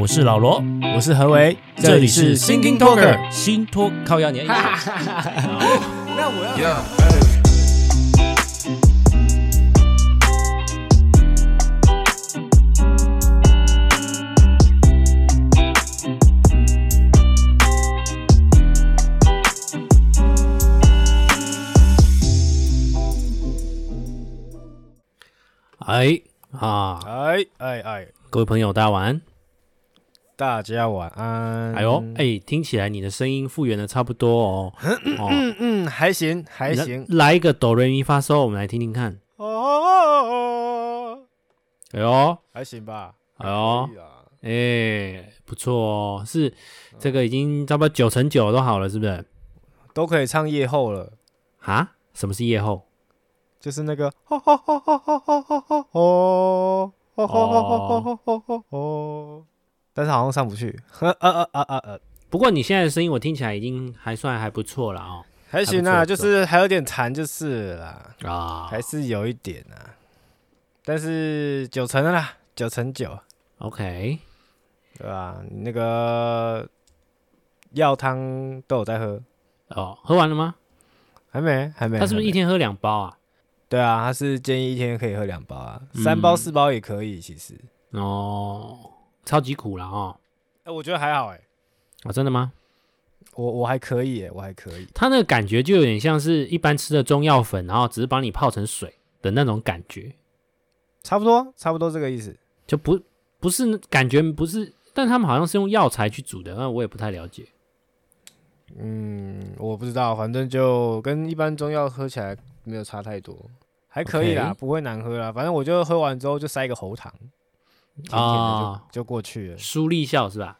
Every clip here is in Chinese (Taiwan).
我是老羅，我是何為，嗯，這裡是 Thinking Talker 辛托客壓年。哎啊！哎哎哎！各位朋友，大家晚安。大家晚安。哎呦，哎，聽起來你的聲音復原的差不多哦。哦嗯嗯，還行還行。來一個哆來咪發嗦，我們來聽聽看。哦，哦，哦，哦，哦，哦。哎呦，還行吧。哎呦。啊、哎，不錯哦。是這個已經差不多九成九都好了，是不是？都可以唱夜後了。啊？什麼是夜後？就是那個。但是好像上不去，呃呃呃呃呃呃。不過你現在的聲音我聽起來已經還算還不錯了哦，還行啊，就是還有點痰，就是了啦，啊、哦，還是有一點啊。但是九成了啦，九成九，OK，對吧？那個藥湯都有在喝哦，喝完了嗎？還沒，還沒。他是不是一天喝兩包啊？對啊，他是建議一天可以喝兩包啊，嗯、三包四包也可以，其實哦。超級苦啦，哦！哎，我覺得還好哎、欸。啊，真的嗎？我我還可以哎，我還可以。它那個感覺就有點像是一般吃的中藥粉，然後只是幫你泡成水的那種感覺，差不多，差不多這個意思。就不不是感覺不是，但他們好像是用藥材去煮的，那我也不太了解。嗯，我不知道，反正就跟一般中藥喝起來沒有差太多，還可以啦、okay，不會難喝啦。反正我就喝完之後就塞一個喉糖。啊，就,就過去了、哦。書立校是吧？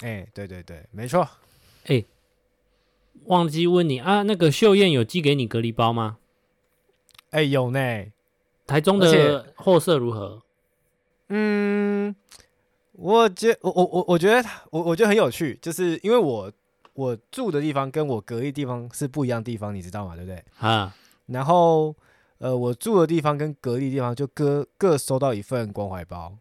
哎、欸，對對對，沒錯。哎、欸，忘記問你啊，那個秀燕有寄給你隔離包嗎？哎、欸，有呢。台中的貨色如何？嗯，我覺我我我我覺得我我覺得很有趣，就是因為我我住的地方跟我隔離地方是不一樣的地方，你知道嗎？對不對？啊，然後。呃，我住的地方跟隔離地方就各各收到一份關懷包，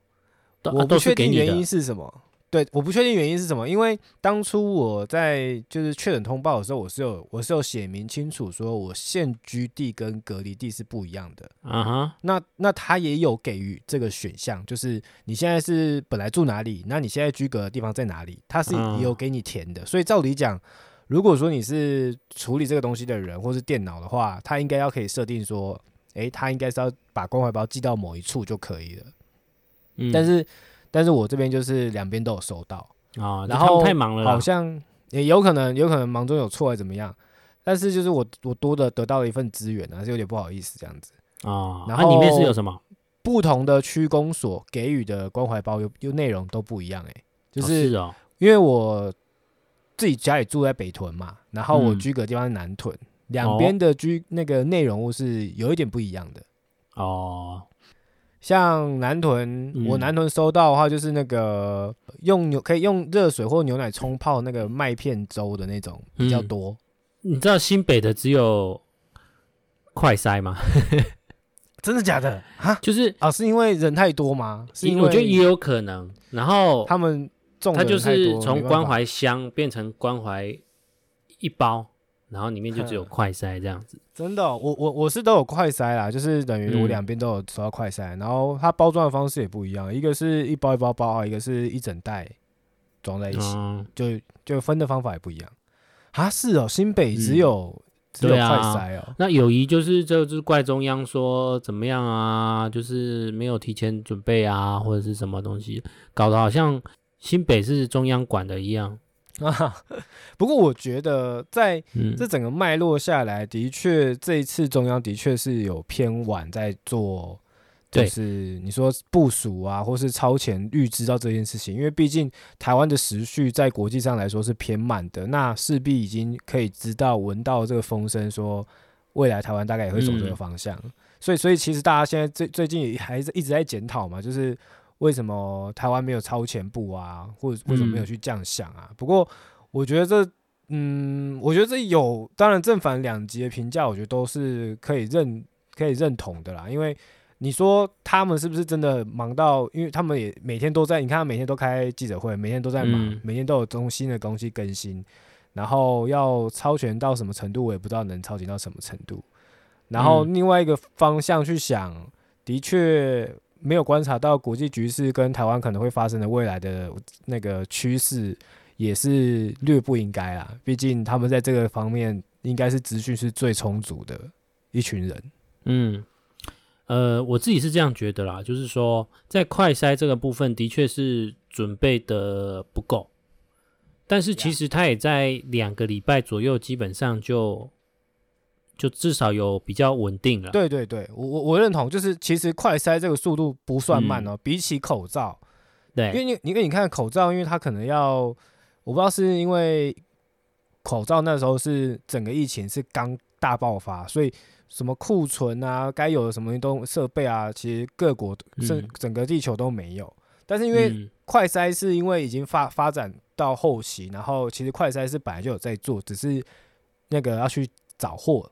我不確定原因是什麼。對，我不確定原因是什麼，因為當初我在就是確診通報的時候，我是有我是有寫明清楚說我現居地跟隔離地是不一樣的。啊、Uh-huh. 那那他也有給予這個選項，就是你現在是本來住哪裡，那你現在居隔的地方在哪裡，他是有給你填的。Uh-huh. 所以照理講，如果說你是處理這個東西的人或是電腦的話，他應該要可以設定說。誒、欸，他應該是要把關懷包寄到某一處就可以了。嗯，但是但是我這邊就是兩邊都有收到啊、哦。然後太忙了，好像也有可能，有可能忙中有錯還怎麼樣。但是就是我我多的得，得到了一份資源、啊，還是有點不好意思這樣子啊、哦。然後、啊、裡面是有什麼不同的區公所給予的關懷包，又又內容都不一樣誒、欸，就是、哦是哦，因為我自己家裡住在北屯嘛，然後我居隔地方是南屯。嗯兩邊的居那個內容物是有一點不一樣的哦，像南屯，我南屯收到的話就是那個用牛可以用熱水或牛奶沖泡那個麥片粥的那種比較多、嗯嗯。你知道新北的只有快篩嗎？ 真的假的啊？就是啊、哦，是因為人太多嗎？是，因為因我覺得也有可能。然後他們種的，他就是從關懷箱變成關懷一包。然後裡面就只有快塞這樣子，真的、哦，我我我是都有快塞啦，就是等於我兩邊都有收到快塞，嗯、然後它包裝的方式也不一樣，一個是，一包一包包一個是一整袋裝在一起，嗯、就就分的方法也不一樣啊，是哦，新北只有、嗯、只有快塞哦，啊、那友宜就是這就是怪中央說怎麼樣啊，就是沒有提前準備啊，或者是什麼東西，搞得好像新北是中央管的一樣。啊， 不過我覺得在這整個脈絡下來，的確這一次中央的確是有偏晚在做，就是你說部署啊，或是超前預知到這件事情，因為畢竟台灣的時序在國際上來說是偏慢的，那勢必已經可以知道聞到這個風聲，說未來台灣大概也會走這個方向，所以所以其實大家現在最最近也還是一直在檢討嘛，就是。為什麼台灣沒有超前部啊，或者為什麼沒有去這樣想啊？嗯、不過我覺得這，嗯，我覺得這有，當然正反兩極的評價，我覺得都是可以認、可以認同的啦。因為你說他們是不是真的忙到？因為他們也每天都在，你看，他每天都開記者會，每天都在忙，嗯、每天都有中新的東西更新。然後要超前到什麼程度，我也不知道能超前到什麼程度。然後另外一個方向去想，的確。沒有觀察到國際局勢跟台灣可能會發生的未來的那個趨勢，也是略不應該啦。畢竟他們在這個方面應該是資訊是最充足的一群人。嗯，呃，我自己是這樣覺得啦，就是說在快篩這個部分，的確是準備的不夠，但是其實他也在兩個禮拜左右，基本上就。就至少有比較穩定了。對對對，我我我認同。就是其實快篩這個速度不算慢哦，比起口罩。對，因為你因為你看口罩，因為它可能要，我不知道是因為口罩那時候是整個疫情是剛大爆發，所以什麼庫存啊，該有的什麼東設備啊，其實各國整整個地球都沒有。但是因為快篩是因為已經發發展到後期，然後其實快篩是本來就有在做，只是那個要去找貨。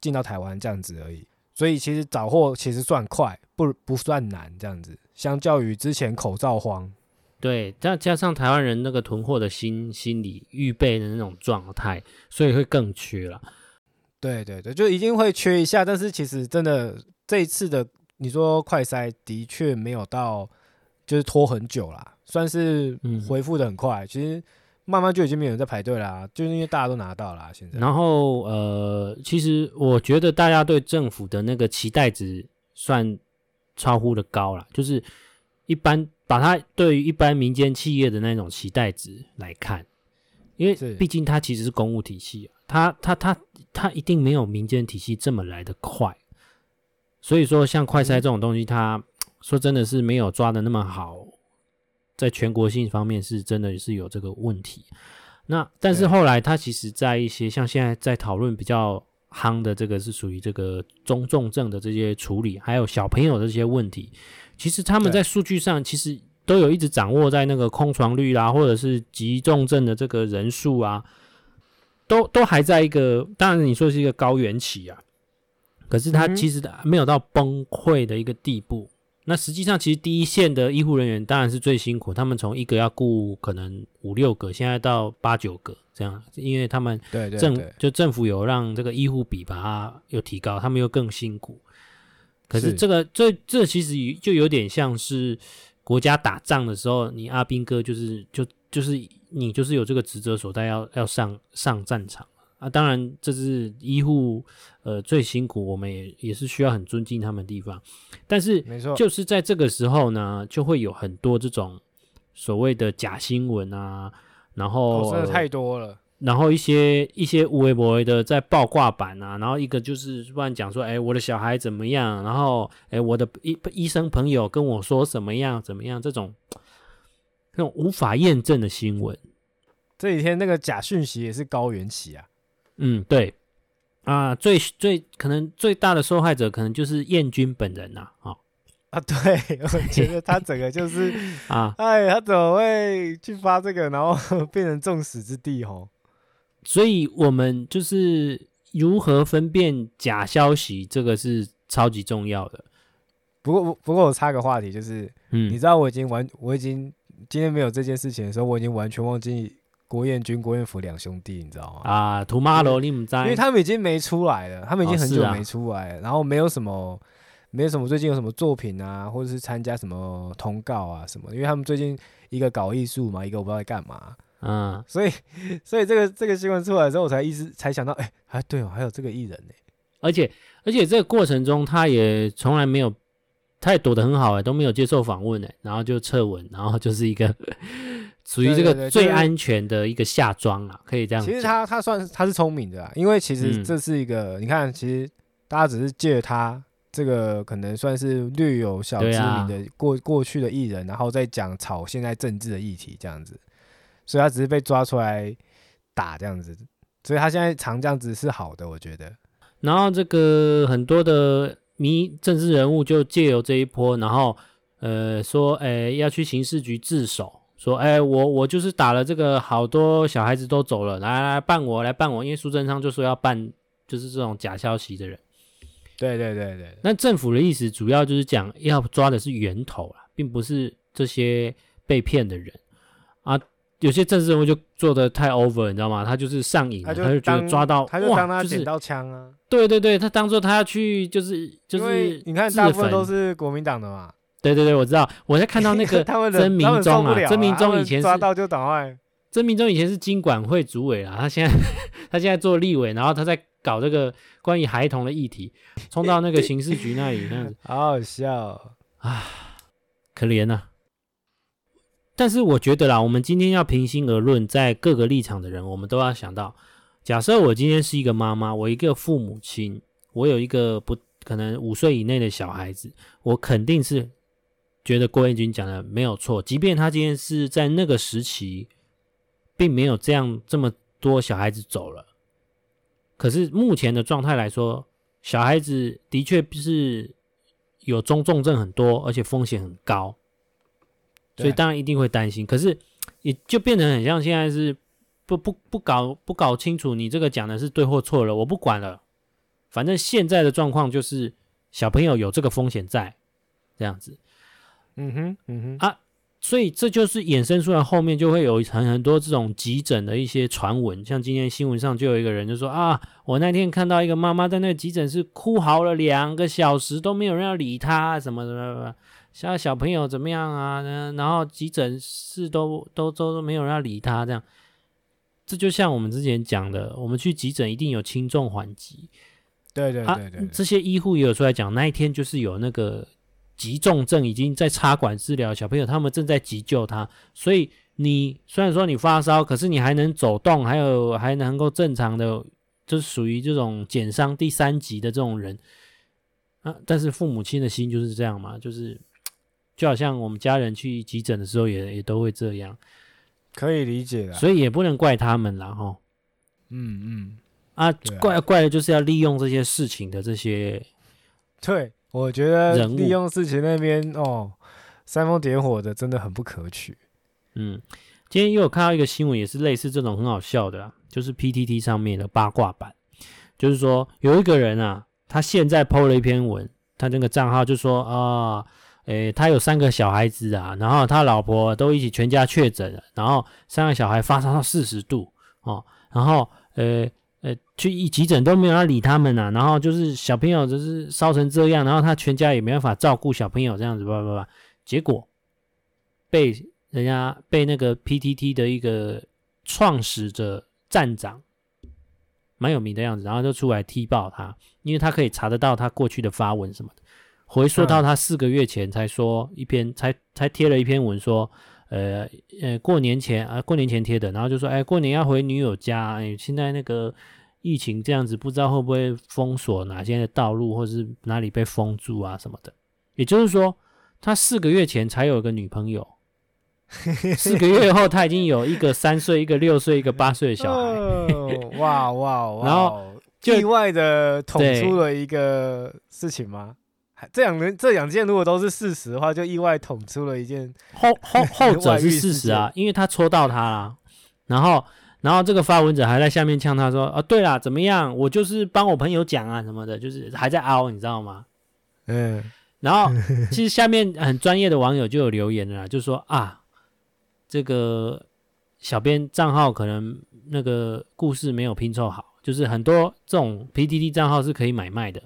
進到台灣這樣子而已，所以其實找貨其實算快，不不算難這樣子。相較於之前口罩荒，對，再加上台灣人那個囤貨的心心理預備的那種狀態，所以會更缺了。對對對，就一定會缺一下，但是其實真的這一次的你說快篩的確沒有到，就是拖很久啦，算是恢復得很快。嗯、其實。慢慢就已經沒有人在排隊啦、啊，就是因為大家都拿到啦、啊，現在，然後呃，其實我覺得大家對政府的那個期待值算超乎的高了，就是一般把它對於一般民間企業的那種期待值來看，因為畢竟它其實是公務體系、啊，它它它它一定沒有民間體系這麼來的快，所以說像快篩這種東西它，它說真的是沒有抓的那麼好。在全國性方面是真的也是有這個問題，那但是後來他其實，在一些像現在在討論比較夯的這個是屬於這個中重症的這些處理，還有小朋友的這些問題，其實他們在數據上其實都有一直掌握在那個空床率啦、啊，或者是急重症的這個人數啊，都都還在一個當然你說是一個高原期啊，可是他其實沒有到崩潰的一個地步。嗯那實際上，其實第一線的醫護人員當然是最辛苦。他們從一個要顧可能五六個，現在到八九個這樣，因為他們對政就政府有讓這個醫護比把它又提高，他們又更辛苦。可是這個是這這其實就有點像是國家打仗的時候，你阿兵哥就是就就是你就是有這個職責所在，要要上上戰場。啊，當然，這是醫護呃最辛苦，我們也也是需要很尊敬他們的地方。但是，沒錯，就是在這個時候呢，就會有很多這種所謂的假新聞啊，然後、哦、真的太多了。然後一些一些有的沒的在爆卦板啊，然後一個就是亂講說，哎，我的小孩怎麼樣？然後，哎，我的醫醫生朋友跟我說什麼樣怎麼樣？這種，那種無法驗證的新聞，這幾天那個假訊息也是高原期啊。嗯，對，啊，最最可能最大的受害者可能就是彥均本人吶、啊，啊、哦、啊，對，我覺得他整個就是 啊，哎，他怎麼會去發這個，然後變成眾矢之的哦？所以我們就是如何分辨假消息，這個是超級重要的。不過，不不過我插個話題，就是，嗯，你知道我已經完，我已經今天沒有這件事情的時候，我已經完全忘記。郭彥均、郭彥甫兩兄弟，你知道嗎？啊，圖媽羅，你們在？因為他們已經沒出來了，他們已經很久沒出來，oh, 然後沒有什麼、啊，沒有什麼最近有什麼作品啊，或者是參加什麼通告啊什麼？因為他們最近一個搞藝術嘛，一個我不知道在幹嘛。嗯、uh,，所以，所以這個這個新聞出來之後，我才一直才想到，哎、欸，還、啊、對哦，還有這個藝人呢、欸。而且，而且這個過程中，他也從來沒有，他也躲得很好哎、欸，都沒有接受訪問哎、欸，然後就撤文，然後就是一個。 屬於這個最安全的一個下莊啊，對對對、就是，可以這樣子。其實他他算他是聰明的、啊，因為其實這是一個，嗯，你看，其實大家只是借他這個可能算是略有小知名的、啊、過過去的藝人，然後再講炒現在政治的議題這樣子，所以他只是被抓出來打這樣子，所以他現在常這樣子是好的，我覺得。然後這個很多的迷政治人物就借由這一波，然後呃說，哎、欸、要去刑事局自首。說，哎、欸，我我就是打了這個，好多小孩子都走了，來來，來辦我，來辦我，因為蘇貞昌就說要辦，就是這種假消息的人。對對對對，對。那政府的意思主要就是講要抓的是源頭啦、啊，並不是這些被騙的人啊。有些政治人物就做的太 over，你知道嗎？他就是上癮他，他就覺得抓到，他就當他撿到槍啊、就是。對對對，他當做他要去、就是，就是就是。因為你看，大部分都是國民黨的嘛。對對對，我知道，我在看到那個曾銘宗啊，曾銘宗以前是到就倒壞，曾銘宗以前是金管會主委啊，他現在他現在做立委，然後他在搞這個關於孩童的議題，衝到那個刑事局那裡那樣子，好好笑啊，可憐啊，但是我覺得啦，我們今天要平心而論，在各個立場的人，我們都要想到，假設我今天是一個媽媽，我一個父母親，我有一個不可能五歲以內的小孩子，我肯定是。覺得郭彥均講的沒有錯，即便他今天是在那個時期，並沒有這樣這麼多小孩子走了，可是目前的狀態來說，小孩子的確是有中重，重症很多，而且風險很高，所以當然一定會擔心。可是也就變得很像現在是不不不搞不搞清楚你這個講的是對或錯了，我不管了，反正現在的狀況就是小朋友有這個風險在這樣子。嗯哼，嗯哼啊，所以這就是衍生出來，後面就會有很很多這種急診的一些傳聞，像今天新聞上就有一個人就說啊，我那天看到一個媽媽在那個急診室哭嚎了兩個小時，都沒有人要理他，什麼什麼什麼，像小朋友怎麼樣啊？然後急診室都都都都沒有人要理他，這樣。這就像我們之前講的，我們去急診一定有輕重緩急，對對對對對，啊，這些醫護也有出來講，那一天就是有那個。急重症已經在插管治療，小朋友他們正在急救他，所以你雖然說你發燒，可是你還能走動，還有還能夠正常的，就是屬於這種檢傷第三級的這種人啊。但是父母親的心就是這樣嘛，就是就好像我們家人去急診的時候，也也都會這樣，可以理解，所以也不能怪他們啦。哈。嗯嗯，啊，怪怪的就是要利用這些事情的這些，對。我覺得利用事情那邊哦，煽風點火的真的很不可取。嗯，今天又有看到一個新聞，也是類似這種很好笑的，就是 PTT 上面的八卦版，就是說有一個人啊，他現在 PO 了一篇文，他那個賬號就說啊，誒、哦欸，他有三個小孩子啊，然後他老婆都一起全家確診了，然後三個小孩發燒到四十度哦，然後呃，欸呃，去一急診都沒有人理他們吶、啊，然後就是小朋友就是燒成這樣，然後他全家也沒辦法照顧小朋友這樣子，不不不，結果被人家被那個 PTT 的一個創始者站長，蠻有名的樣子，然後就出來踢爆他，因為他可以查得到他過去的發文什麼的，回溯到他四個月前才說一篇，嗯、才才貼了一篇文說。呃呃，過年前啊、呃，過年前貼的，然後就說，哎、呃，過年要回女友家，哎、呃，現在那個疫情這樣子，不知道會不會封鎖哪些的道路，或是哪裡被封住啊什麼的。也就是說，他四個月前才有一個女朋友， 四個月後他已經有一個三歲、一個六歲、一個八歲的小孩， 哦、哇哇，哇，然後意外的捅出了一個事情嗎？這兩人這兩件如果都是事實的話，就意外捅出了一件後後後者是事實啊， 因為他戳到他了，然後然後這個發文者還在下面嗆他說，啊對啦怎麼樣，我就是幫我朋友講啊什麼的，就是還在凹你知道嗎？嗯，然後 其實下面很專業的網友就有留言了啦，就說啊這個小編賬號可能那個故事沒有拼湊好，就是很多這種 PTT 賬號是可以買賣的。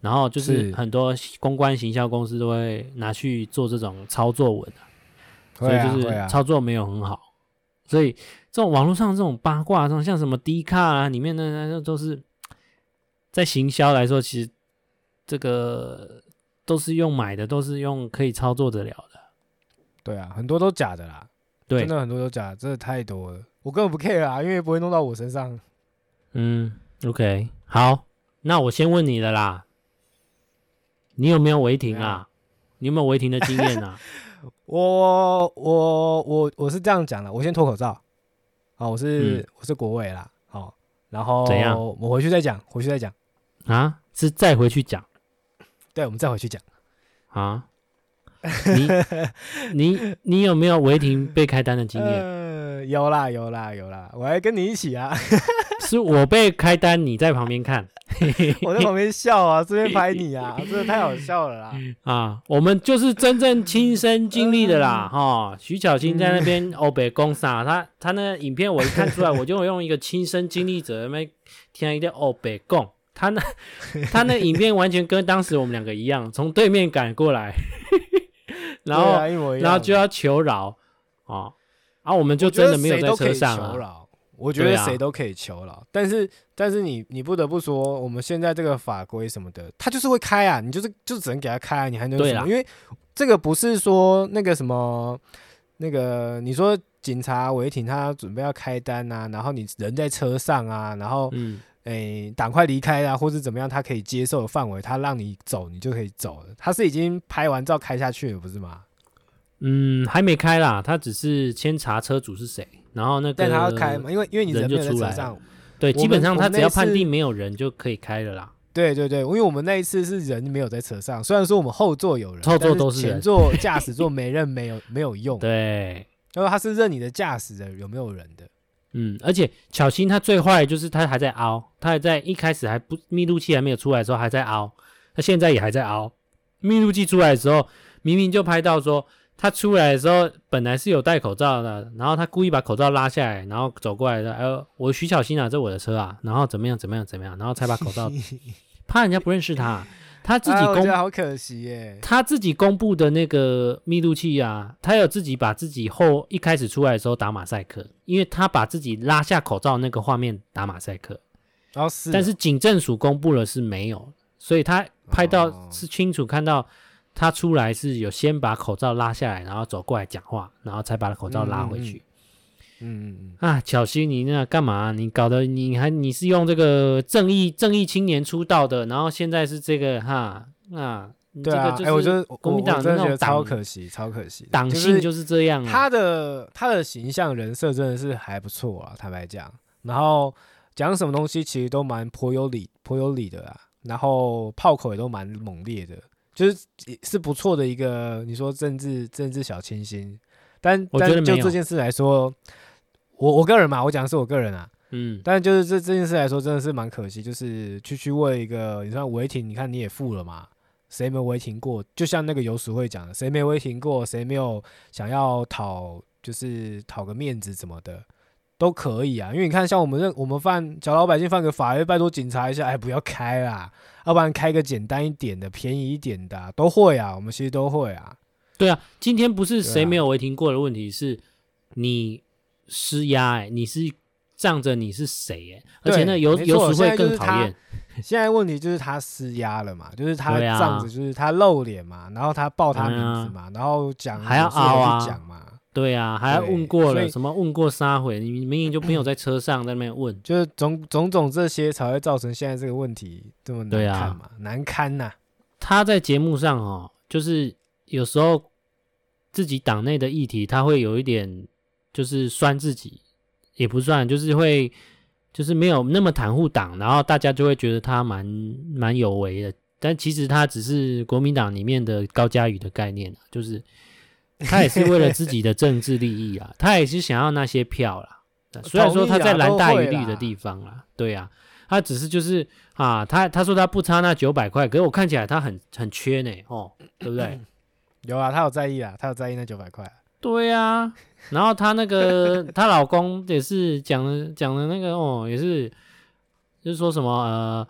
然後就是很多公關行銷公司都會拿去做這種操作文的、啊，所以就是操作沒有很好。所以這種網絡上這種八卦，像像什麼 Dcard 啊，裡面的那都是在行銷來說，其實這個都是用買的，都是用可以操作得了的。對啊，很多都假的啦，對，真的很多都假，真的太多了。我根本不 care 啊，因為不會弄到我身上。嗯，OK，好，那我先問你的啦。你有沒有違停啊,啊？你有沒有違停的經驗啊？ 我我我我是這樣講的，我先脫口罩。好，我是、嗯、我是國偉啦。好，然後怎樣？我回去再講，回去再講。啊？是再回去講？對，我們再回去講。啊？你 你你有沒有違停被開單的經驗、呃？有啦有啦有啦，我還跟你一起啊。 是我被開單，你在旁邊看。 我在旁邊笑啊，這邊拍你啊， 真的太好笑了啦！啊，我們就是真正親身經歷的啦，哈、 嗯哦！徐小青在那邊歐北共殺他，他那影片我一看出來，我就用一個親身經歷者來填一個歐北共。他那他那影片完全跟當時我們兩個一樣，從對面趕過來， 然後、啊、一一然後就要求饒啊，後、啊、我們就真的沒有在車上、啊。我覺得誰都可以求饒，啊，但是但是你你不得不說，我們現在這個法規什麼的，他就是會開啊，你就是就只能給他開，啊，你還能什麼？對，因為這個不是說那個什麼那個你說警察違停，他準備要開單啊，然後你人在車上啊，然後嗯，哎，欸，趕快離開啊，或是怎麼樣，他可以接受的範圍，他讓你走，你就可以走了。他是已經拍完照開下去了，不是嗎？嗯，還沒開啦，他只是先查車主是誰。然後那個，但他要開嘛，因為因為你人就在車上，對，基本上他只要判定沒有人就可以開了啦。對對對，因為我們那一次是人沒有在車上，雖然說我們後座有人，後座都是人，前座駕駛座沒人沒有沒有用。 對，因為他是認你的駕駛人有沒有人的。嗯，而且巧心他最壞的就是他還在凹，他還在一開始還不密錄器還沒有出來的時候還在凹，他現在也還在凹。密錄器出來的時候，明明就拍到說。他出來的時候本來是有戴口罩的，然後他故意把口罩拉下來，然後走過來的。哎呦，我徐小新啊，這我的車啊，然後怎麼樣怎麼樣怎麼樣，然後才把口罩， 怕人家不認識他。他自己公、哎、好可惜耶，他自己公布的那個密錄器啊，他有自己把自己後一開始出來的時候打馬賽克，因為他把自己拉下口罩那個畫面打馬賽克。哦、是，但是警政署公布了是沒有，所以他拍到是清楚看到。他出來是有先把口罩拉下來，然後走過來講話，然後才把口罩拉回去嗯。嗯嗯，嗯啊，巧芯，你那幹嘛？你搞得你還你是用這個正義正義青年出道的，然後現在是這個哈啊，這個哎、啊欸，我、就是、我，我覺得國民黨真的超可惜，超可惜，黨性就是這樣。他的他的形象人設真的是還不錯啊，坦白講，然後講什麼東西其實都蠻頗有理，頗有理的啊，然後炮口也都蠻猛烈的。就是是不錯的一個，你說政治政治小清新，但但就這件事來說，我我個人嘛，我講的是我個人啊，嗯，但就是這這件事來說，真的是蠻可惜，就是去去為一個，你說違停，你看你也付了嘛，誰沒違停過？就像那個游淑慧講的，誰沒違停過誰沒有想要討，就是討個面子什麼的？都可以啊，因為你看，像我們認我們犯，我們犯，小老百姓犯個法律，拜託警察一下，哎，不要開啦，要不然開個簡單一點的，便宜一點的，啊。都會啊，我們其實都會啊。對啊，今天不是誰沒有違停過的問題，是你施壓哎、欸，你是仗着你是誰哎、欸？對，而且呢，有有時會更討厭。 現在問題就是他施壓了嘛，就是他仗着就是他露臉嘛，然後他報他名字嘛，啊、然後講還要講嘛。對啊，還問過了，什麼問過殺毀？你明明就沒有在車上，在那邊問，就是種種種這些才會造成現在這個問題這麼難看嘛、對啊、難堪吶、啊。他在節目上哦，就是有時候自己黨內的議題，他會有一點就是酸自己，也不算，就是會就是沒有那麼袒護黨，然後大家就會覺得他蠻蠻有為的，但其實他只是國民黨裡面的高嘉瑜的概念，就是。 他也是為了自己的政治利益啊，他也是想要那些票啦。雖然說他在藍大於綠的地方啦，對啊，他只是就是啊，他他說他不差那九百塊，可是我看起來他很很缺呢，欸哦，哦， 對不對？有啊，他有在意啊，他有在意那九百塊。對啊，然後他那個她老公也是講的講的那個哦，也是就是說什麼呃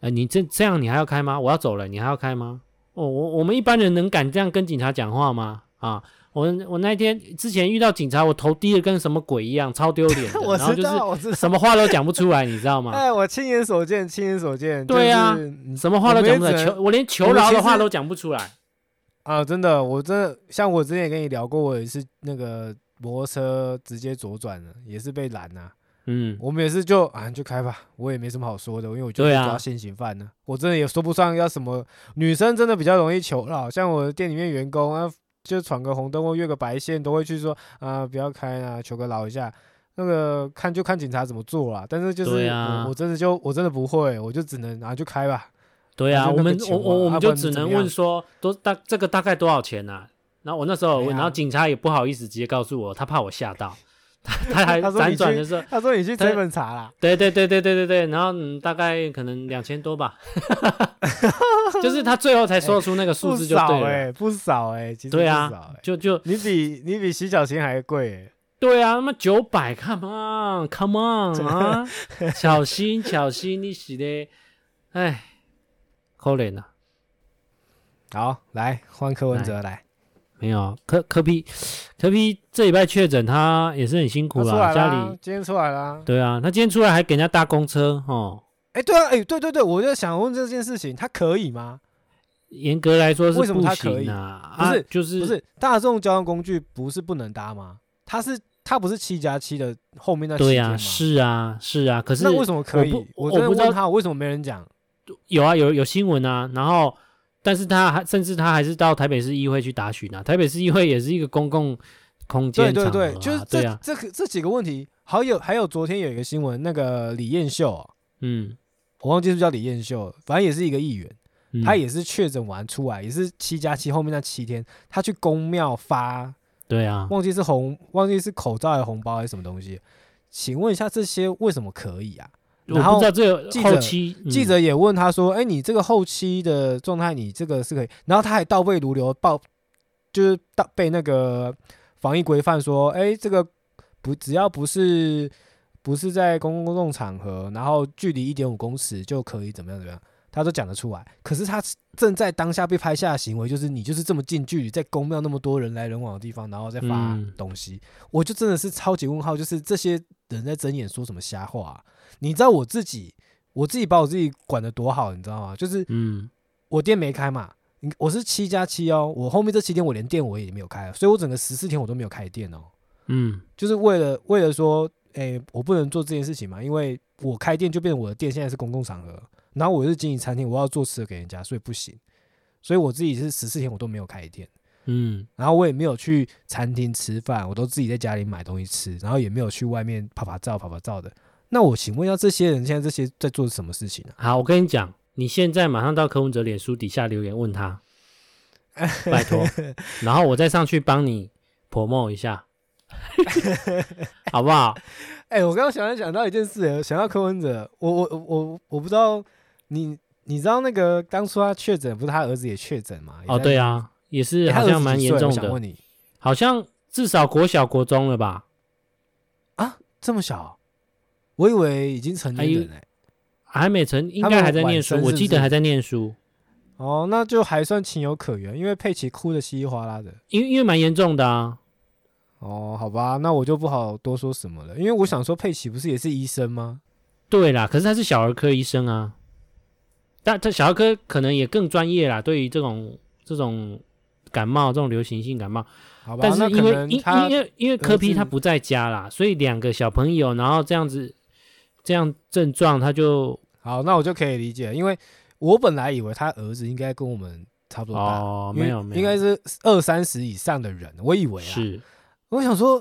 呃，你這這樣你還要開嗎？我要走了，你還要開嗎？哦，我我們一般人能敢這樣跟警察講話嗎？啊，我我那天之前遇到警察，我頭低的跟什麼鬼一樣，超丟臉， 然後就是我知道什麼話都講不出來，你知道嗎？哎，我親眼所見，親眼所見。對呀、啊就是，什麼話都講不出來，我，求我連求饒的話都講不出來。啊，真的，我真的像我之前也跟你聊過，我也是那個摩托車直接左轉了，也是被攔了、啊。嗯，我每次就啊，就開吧，我也沒什麼好說的，因為我就是抓現行犯呢、啊，我真的也說不上要什麼。女生真的比較容易求饒、啊，像我的店裡面員工啊。就闖個紅燈或越個白線，都會去說啊、呃，不要開啊，求個饒一下。那個看就看警察怎麼做啦、啊。但是就是我對、啊、我，我真的就我真的不會，我就只能拿去、啊、開吧。對呀、啊啊，我們我我我們就只能問說多大這個大概多少錢啊？然後我那時候、啊、然後警察也不好意思直接告訴我，他怕我嚇到。他，他還輾轉的時候，他說你去專本查了，對對對對對對對，然後、嗯、大概可能兩千多吧，哈哈哈，就是他最後才說出那個數字就對、欸、不少哎、欸欸欸，對啊，就就你比你比徐巧芯還貴、欸，對啊，那麼九百，come on，come on, come on 啊，小心小心，你洗的，哎，可憐呢、啊。好，來換柯文哲來。沒有，柯柯 P，柯 P 這禮拜確診，他也是很辛苦啦。他出來了啊、家裡今天出來了。對啊，他今天出來還給人家搭公車哦。哎、欸，對啊，哎、欸，對對對，我就想問這件事情，他可以嗎？嚴格來說是不行、啊，為什麼他可以啊？不是，啊、就是不是大眾交通工具不是不能搭嗎？他是他不是七加七的後面那幾天嗎對啊，是啊，是啊，可是那為什麼可以？我不我,我在我不知道問他為什麼沒人講？有啊，有有新聞啊，然後。但是他還甚至他還是到台北市議會去打巡啊！台北市議會也是一個公共空間，啊，對對對，就是這、啊、這個這、這幾個問題，還有還有昨天有一個新聞，那個李彥秀，嗯，我忘記是叫李彥秀，反正也是一個議員、嗯，他也是確診完出來，也是七加七後面那七天，他去宮廟發，對啊，忘記是紅忘記是口罩還是紅包還是什麼東西？請問一下這些為什麼可以啊？然後在這個後期、嗯，記者也問他說：“哎，你這個後期的狀態，你這個是可以。”然後他還倒背如流報，就是倒背那個防疫規範說：“哎，這個不只要不是不是在公共公眾場合，然後距離一點五公尺就可以怎麼樣怎麼樣。”他都講得出來，可是他正在當下被拍下的行為，就是你就是這麼近距離在公廟那麼多人來人往的地方，然後再發東西，嗯、我就真的是超級問號，就是這些人在睜眼說什麼瞎話、啊？你知道我自己，我自己把我自己管得多好，你知道嗎？就是，我店沒開嘛，我是七加七哦，我後面這七天我連店我也沒有開，所以我整個十四天我都沒有開店哦，嗯，就是為了為了說，誒、欸，我不能做這件事情嘛，因為我開店就變成我的店現在是公共場合。然後我是經營餐廳，我要做吃的給人家，所以不行。所以我自己是十四天我都沒有開店，嗯，然後我也沒有去餐廳吃飯，我都自己在家裡買東西吃，然後也沒有去外面拍拍照、拍拍照的。那我請問一下，這些人現在這些在做什麼事情啊？好，我跟你講，你現在馬上到柯文哲臉書底下留言問他，拜託， 然後我再上去幫你潑墨一下， 好不好？哎、欸，我剛剛想想到一件事，想到柯文哲，我我我我不知道。你你知道那個剛說他確診，不是他兒子也確診嗎？哦，對啊，也是，欸、好像蠻嚴重的。問你，好像至少國小國中了吧？啊，這麼小，我以為已經成年了、欸哎啊。還沒成，應該還在念書，我記得還在念書。哦，那就還算情有可原，因為佩奇哭得稀里嘩啦的，因為因為蠻嚴重的啊。哦，好吧，那我就不好多說什麼了，因為我想說佩奇不是也是醫生嗎？對啦，可是他是小兒科醫生啊。但他小兒科可能也更專業啦，對於這種這種感冒，這種流行性感冒，好吧？那因為那因，因為因為柯 P 他不在家啦，所以兩個小朋友，然後這樣子這樣症狀，他就好，那我就可以理解，因為我本來以為他兒子應該跟我們差不多大，哦，沒有沒有，應該是二三十以上的人，我以為啊，是，我想說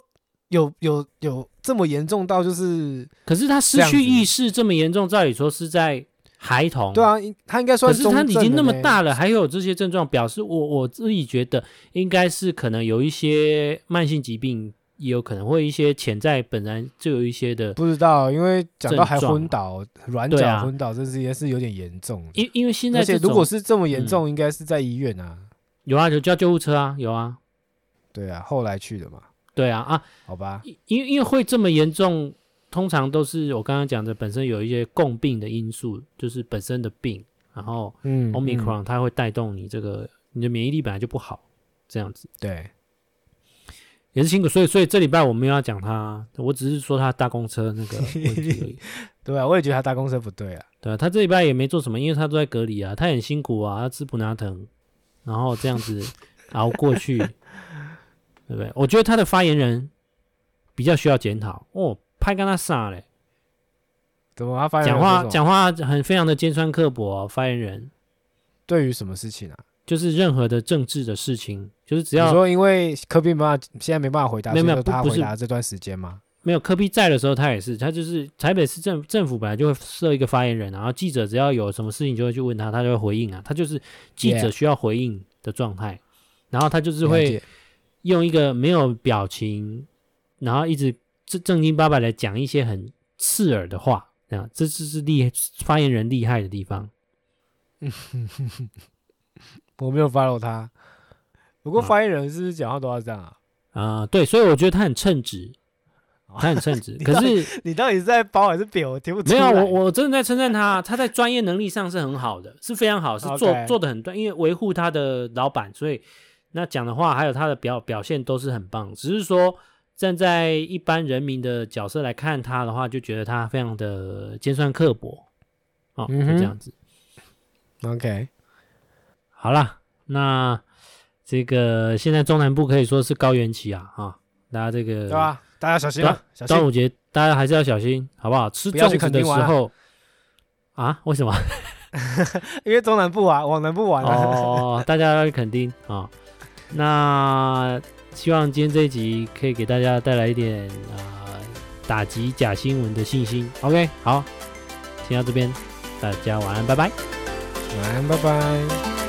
有有有這麼嚴重到就是，可是他失去意識這麼嚴重，照理說是在。孩童對啊，他應該算是，可是他已經那麼大了，還有這些症狀，表示我我自己覺得應該是可能有一些慢性疾病，也有可能會一些潛在本來就有一些的，不知道，因為講到還昏倒、軟腳昏倒，啊、這些是，是有點嚴重。因因為現在這，如果是這麼嚴重，嗯，應該是在醫院啊。有啊，有叫救護車啊，有啊。對啊，後來去的嘛。對啊啊，好吧，因因為會這麼嚴重。通常都是我剛剛講的，本身有一些共病的因素，就是本身的病，然後 Omicron 它會帶動你這個、嗯嗯、你的免疫力本來就不好，這樣子。對，也是辛苦，所以所以這禮拜我沒有要講他，我只是說他搭公車那個問題，而已 對啊，我也覺得他搭公車不對啊。對啊，他這禮拜也沒做什麼，因為他都在隔離啊，他很辛苦啊，他吃普拿疼，然後這樣子熬過去， 對不對？我覺得他的發言人比較需要檢討哦。拍跟他啥嘞？怎麼他發言講話講話很非常的尖酸刻薄哦？發言人對於什麼事情啊？就是任何的政治的事情，就是只要說，因為柯 P 沒辦法，現在沒辦法回答，沒有，沒有不不是他回答這段時間嘛？沒有柯 P 在的時候，他也是，他就是台北市政政府本來就會設一個發言人，然後記者只要有什麼事情就會去問他，他就會回應啊，他就是記者需要回應的狀態，yeah. 然後他就是會用一個沒有表情，然後一直。正正經八百的講一些很刺耳的話啊，這就是厲害發言人厲害的地方。 我沒有 follow 他，不過發言人是，是講話都要這樣啊。啊，對，所以我覺得他很稱職，他很稱職。啊、可是你到，你到底是在褒還是貶？我聽不出來。沒有，我我真的在稱讚他，他在專業能力上是很好的，是非常好，是做、okay. 做的很對，因為維護他的老板，所以那講的話還有他的表表現都是很棒。只是說。站在一般人民的角色來看他的話，就覺得他非常的尖酸刻薄。哦嗯，嗯，這樣子。OK，好了，那這個現在中南部可以說是高原期啊，啊、哦，大家這個對吧、啊、大家小心、啊、小心，端午節大家還是要小心，好不好？吃粽子的時候啊，啊，為什麼？ 因為中南部啊，往南部玩，啊、哦，大家要去肯定啊、哦，那。希望今天這一集可以給大家帶來一點啊、呃、打擊假新聞的信心。OK，好，先到這邊，大家晚安，拜拜，晚安，拜拜。